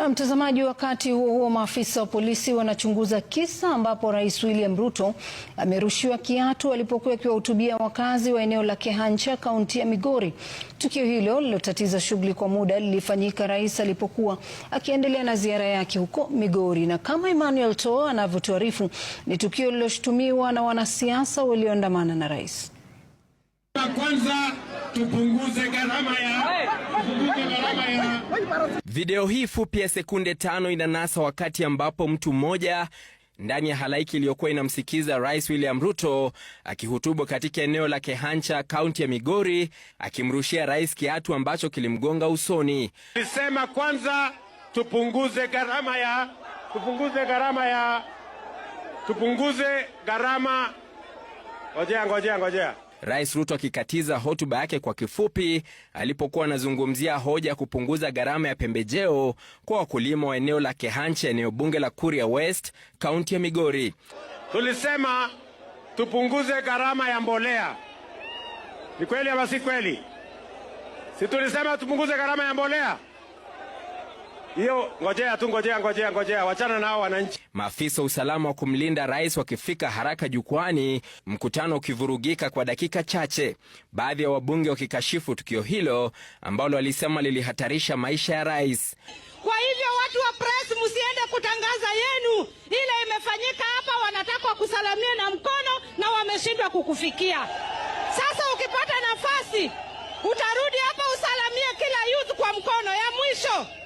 Na mtazamaji, wakati huo huo, maafisa wa polisi wanachunguza kisa ambapo Rais William Ruto amerushiwa kiatu alipokuwa akiwahutubia wakazi wa eneo la Kehancha, kaunti ya Migori. Tukio hilo lilotatiza shughuli kwa muda lilifanyika rais alipokuwa akiendelea na ziara yake huko Migori, na kama Emmanuel Too anavyotuarifu, ni tukio lililoshutumiwa na wanasiasa walioandamana na rais. Kwanza tupunguze gharama ya Video hii fupi ya sekunde tano inanasa wakati ambapo mtu mmoja ndani ya halaiki iliyokuwa inamsikiza Rais William Ruto akihutubu katika eneo la Kehancha, kaunti ya Migori, akimrushia rais kiatu ambacho kilimgonga usoni. Tulisema kwanza tupunguze gharama ya tupunguze gharama ya tupunguze gharama. Ngojea, ngojea, ngojea. Rais Ruto akikatiza hotuba yake kwa kifupi alipokuwa anazungumzia hoja ya kupunguza gharama ya pembejeo kwa wakulima wa eneo la Kehanche, eneo bunge la Kuria West, kaunti ya Migori. Tulisema tupunguze gharama ya mbolea, ni kweli ama si kweli? Si tulisema tupunguze gharama ya mbolea? hiyo ngojea tu, ngojea, ngojea, ngojea, wachana nao wananchi. Maafisa wa usalama wa kumlinda rais wakifika haraka jukwani, mkutano ukivurugika kwa dakika chache, baadhi ya wabunge wakikashifu tukio hilo ambalo walisema lilihatarisha maisha ya rais. Kwa hivyo watu wa press, msiende kutangaza yenu, ile imefanyika hapa, wanataka kusalamia na mkono na wameshindwa kukufikia. Sasa ukipata nafasi utarudi hapa usalamie kila youth kwa mkono ya mwisho.